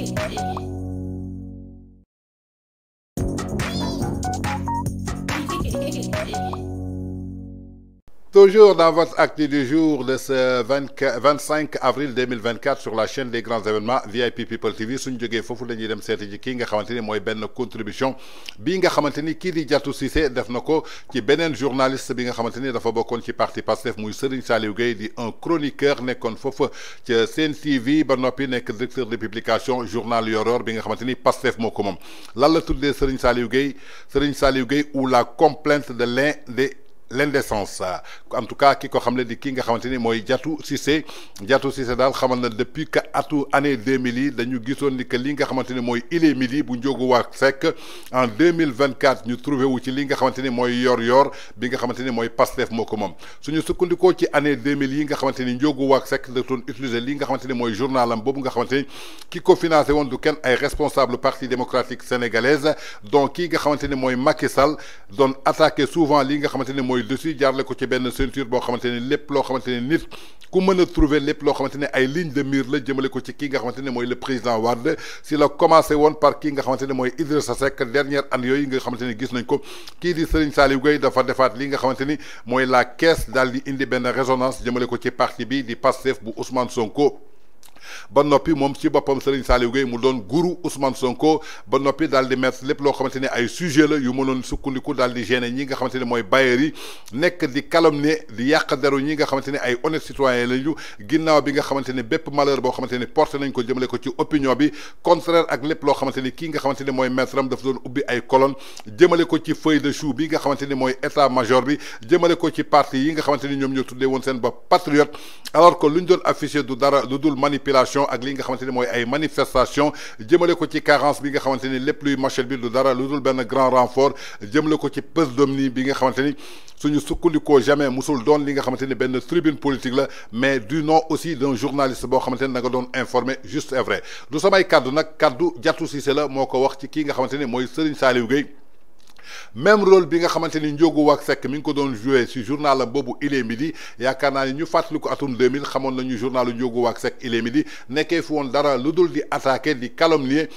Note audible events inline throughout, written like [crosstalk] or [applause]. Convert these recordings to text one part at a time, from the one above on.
Thank [laughs] you. Toujours dans votre acte du jour de ce 25 avril 2024 sur la chaîne des grands événements VIP People TV suñ jógee foofu la ñuy dem seeti ji kii nga benn contribution bii nga xamante ni kii di Diatou Cissé def na ci beneen journaliste bi nga xamante dafa ci parti Pastef muy Serigne Saliou Gueye di un chroniqueur nekkoon foofu ci Sen TV ba noppi nekk directeur de publication journal Yoor-Yoor bi nga xamante ni Pastef moo ko moom lan la tuddee Serigne Gueye Serigne Gueye ou la complainte de l'un des l'indécence en tout cas kiko ko di ki nga xamanteni moy jatu Diatou Cissé Diatou Cissé xamal na depuis que atu année 2000 dañu gissone ni que li nga xamanteni moy il est midi bu njóogu sec en 2024 ñu trouvé wu ci li nga xamanteni moy yor yor bi nga xamanteni moy mooy Pastef moko mom suñu sukkandikoo ci année 2000 yi nga xamanteni ni sec waa da utiliser li nga xamanteni moy mooy journalam bobu nga xamanteni kiko ki ko financé du ken ay responsable parti démocratique sénégalaise donc ki nga xamanteni moy mooy Macky Sall souvent li nga xamanteni mooy dessus jaarle ko ci ben ceinture bo xamanteni lepp lo xamanteni nit ku meuna trouver lepp lo xamanteni ay ligne de mur la jëmele ko ci ki nga xamanteni moy le président Wade si la commencé won par ki nga xamanteni moy Idrissa Seck dernière année yooyu nga xamanteni gis nañ ko ki di Serigne Saliou Gueye dafa defaat li nga xamanteni moy la caisse dal di indi ben résonance jëmele ko ci parti bi di Pastef bu Ousmane Sonko. ba noppi moom ci boppam Serigne Saliou Gueye mu doon guru Ousmane Sonko ba noppi daal di mettre lépp loo xamante ne ay sujet la yu mënoon sukkandiku daal di gêner ñi nga xamante ne mooy bailleurs yi nekk di calomnier di yàq deru ñi nga xamante ne ay honnêtes citoyens lañu ginnaaw bi nga xamante ne bépp malheur boo xamante ne porté ko jëmale ko ci opinion bi contraire ak lépp loo xamante ni nga xamante mooy maître am dafa doon ubbi ay colonne jëmale ko ci feuille ni mooy état yi nga xamante ni ñoom ñoo tuddee woon seen bopp patriote alors que luñ doon affiché révélation ak li nga manifestation jëmele ko ci carence bi nga xamanteni plus luy machel bi grand renfort jëmele ko ci pes domni bi nga xamanteni suñu jamais musul doon li nga xamanteni tribune politique mais du nom aussi d'un journaliste bo xamanteni juste et vrai du samay kaddu wax ci nga même rôle bi nga avons joué sur le mi ko journal Bobo Il midi ñu ko 2000 xamone nañu journalu Ndiogou Il est midi dara di di calomnier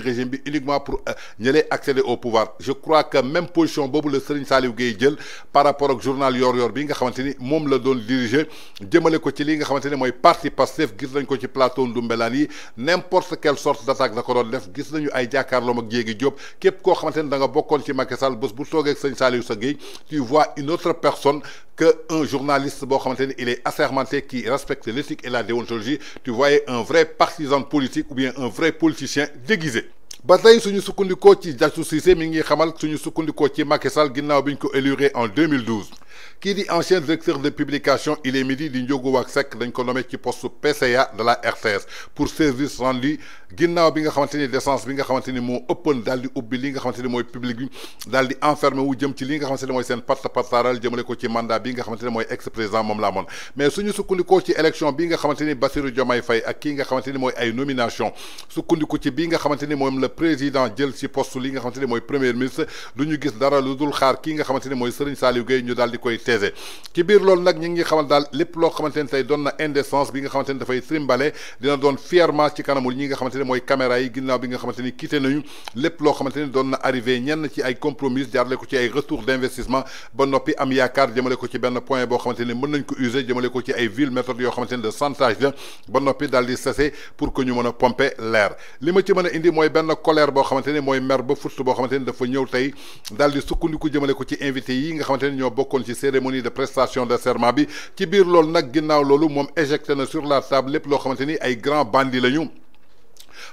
régime uniquement pour euh, accéder au pouvoir je crois que même position le par rapport au journal yor-yor bi nga plateau n'importe quelle sorte d'attaque la def ay ak Diégui Diop tu vois une autre personne que un journaliste Bo il est assermenté qui respecte l'éthique et la déontologie tu voyais un vrai partisan politique ou bien un vrai politicien déguisé. en 2012. Qui di ancien directeur de publication il est midi d'un yoga Wack Seck dañ ko ci poste PCA de la RCS. pour service rendu lit. bi nga xamante ni décence bi nga xamante ni moo ëppoon daal di li nga public Dali enfermer, di enfermé wu jëm ci li nga xamante ni mooy seen part partaaral jëmale ko ci mandat bi nga ex président Mais ce n'est mais suñu du ci élection bi nga xamante ni Bassirou Diomaye Fay, ak à nga xamante ni ay nomination sukkandiku ci bi nga xamante ni le président jël ci poste li nga mon premier ministre du gis dara Ludul Khar xaar kii nga xamante ni mooy Serigne siégé ci biir loolu nag ñu ngi xamal daal lépp loo xamante ne tey doon na indécence bi nga xamante ne dafay trimbale dina doon fièrement ci kanamul ñi nga xamante ne mooy caméra yi ginnaaw bi nga xamante ni quitté nañu lépp loo xamante ni doon na arrivé ñenn ci ay compromis jaarale ko ci ay retour d'investissement ba noppi am yaakaar jëmale ko ci benn point boo xamante ni mën nañ ko user jëmale ko ci ay ville méthode yoo xamante ni de chantage la ba noppi daal di sase pour que ñu mën a pomper l'air li ma ci mën a indi mooy benn colère boo xamante ni mooy mer ba fut boo xamante ni dafa ñëw tey daal di sukkandiku jëmale ko ci invité yi nga xamante ni ñoo bokkoon ci de prestation de serment bi ci bir loolu nak ginnaw l'eau mom éjecté sur la table et maintenir xamanteni grand bandit le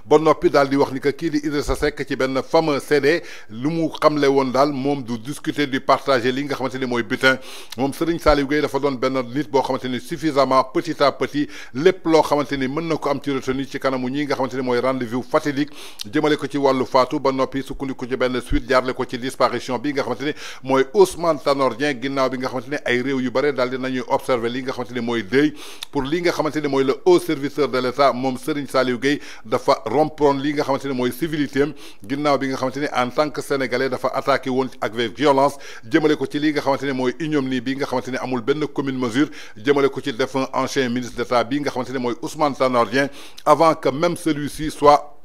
ba nopi dal di wax ni que ki di Idrissa Seck ci ben fameux CD lu mu xamle won dal mom du discuter du partager li nga xamanteni moy butin mom Serigne Saliou Gueye dafa don ben nit bo xamanteni suffisamment petit à petit lepp lo xamanteni meun nako am ci retenu ci kanamu ñi nga xamanteni moy rendez-vous fatidique jëmele ko ci walu fatou ba noppi sukkandiku ci ben suite jarle ko ci disparition bi nga xamanteni moy Ousmane Tanor ginnaw bi nga xamanteni ay rew yu bare dal di nañuy observer li nga xamanteni moy mooy pour li nga xamanteni moy le haut serviteur de l'État mom Serigne Saliou Gueye dafa rompre li nga xamanteni moy mooy civilité am bi nga xamanteni en tant que sénégalais dafa attaqué won ak violence jëmale ko ci li nga xamanteni moy mooy ignominie bi nga xamanteni amul benn commune mesure jëmale ko ci défunt ancien ministre d'État bi nga xamanteni moy Ousmane Tanor avant que même celui-ci soit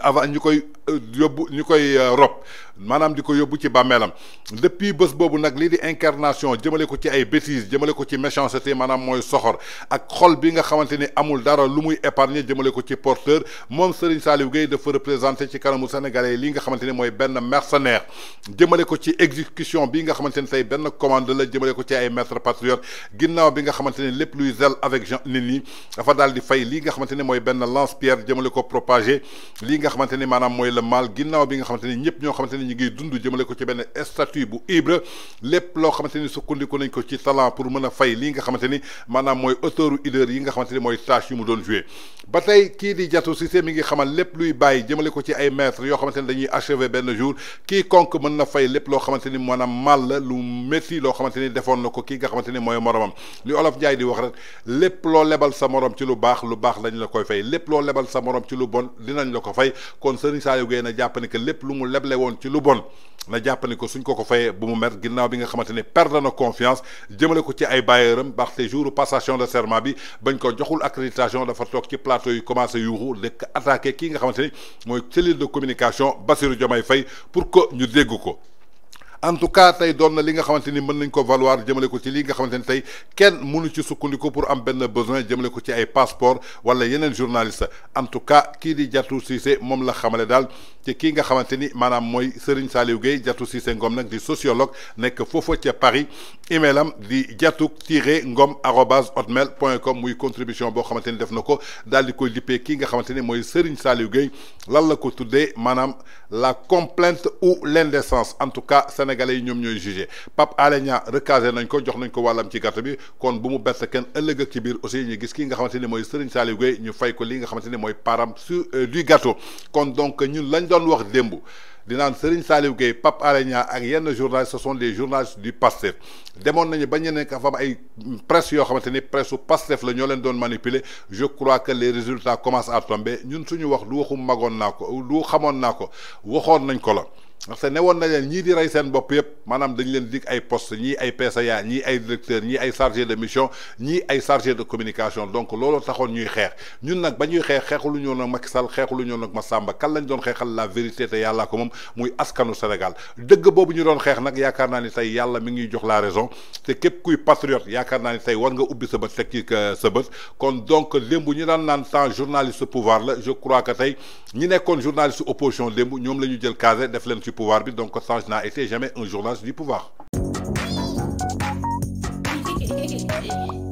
avant ñukoy koy euh, yóbbu euh, manam diko ko ci bamélam depuis bëss bobu nak li di incarnation jëmele ko ci ay bêtises jëmele ko ci méchanceté manam Moy soxor ak xol bi nga xamante amul dara lu muy épargner jëmele ko ci porteur mom Serigne Saliou Gueye fa représenter ci kanamu sénégalais li nga moy ben mercenaire jëmele ko ci exécution bi nga xamante ni ben commande la jëmele ko ci ay maître patriote ginnaw bi nga xamante lepp luy zel avec Nini Nini, ñi dafa fay li nga xamante moy ben lance pierre jëmele ko propager li nga xamante manam moy le mal ginnaw bi nga xamante ñepp ño ne ngi dund jëmale ko ci benn statut bu Ibra lépp loo xamante ni sukkandiku nañ ko ci talent pour mën a fay lii nga xamante ni mooy auteuru leader yi nga xamante ni mooy tâche yu mu doon joué ba tey kii di Diatou Cissé mi ngi xamal lépp luy bàyyi jëmale ko ci ay maître yoo xamante ni dañuy achever benn jour quiconque mën na fay lépp loo xamante ni maanaam mal la lu métti loo xamante ni defoon na ko kii nga xamante ni mooy moromam li olof Njaay di wax rek lépp loo lebal sa morom ci lu baax lu baax lañ la koy fay lépp loo lebal sa morom ci lu bon dinañ la ko fay kon Serigne Saliou Lubon, bon na jàpp ko suñ ko ko fayé bu mu mer bi confiance jëmele ko ci ay jour passation de serment bi bañ ko joxul accréditation dafa tok ci plateau yu commencé attaqué qui nga de communication Bassirou jomay pour que ñu dégg en tout cas tay doon na li nga xamanteni mën nañ ko valoir jëmele ko ci li nga xamanteni tay kenn mënu ci sukkandiku pour am benn besoin jëmele ko ci ay passeport wala yeneen journaliste en tout cas kii di jatu Cissé moom la xamale daal ci kii nga xamanteni ni maanaam mooy Serigne Saliou Gueye jatu Cissé Ngom nag di sociologue nekk foofa ca Paris email am di jatu tiré ngom arrobas hotmail point com muy contribution boo xamante ni def na ko daal di koy lippee kii nga xamante ni mooy Serigne Saliou Gueye lan la ko tuddee maanaam la complainte ou l'indécence en tout cas Sénégal sénégalais ñom ñoy ñooy jugé Pape Alé recasé nañ ko jox nañ ko walam ci carte bi kon bu mu bett ken ëlëg ak ci bir aussi ñu gis ki nga xamanteni moy Serigne Saliou Gueye ñu fay ko li nga xamanteni moy param sur euh, du gâteau kon donc ñun lañ doon wax dembu di naan Serigne Saliou Gueye Pape Alé ak yenn journalistes ce sont des journalistes du Pastef demone nañu ba ñeneen ka fa ay presse yo xamanteni presse Pastef la ñoleen doon manipuler je crois que les résultats commencent à tomber ñun suñu wax lu waxum magon nako ko lu xamoon naa ko nañ ko la parce que newon nañ na leen ñii di ray seen bop yeb manam dañ leen dig ay poste ñi ay psa ñi ay directeur ñi ay chargé de mission ñi ay chargé de communication donc lolo taxone ñuy xex ñun nak bañuy xex xeex ñu lu ñoo nag Macky Sall xeexu lu Massamba kan lañ doon xexal la vérité te à ko moom muy askanu Sénégal deug bobu ñu doon ni la raison kuy patriote ni war nga ubbi sa euh, donc ñu daan journaliste pouvoir je crois que tay ñi journaliste opposition ñom Nous, jël def pouvoir donc n'a été jamais un journaliste du pouvoir [laughs]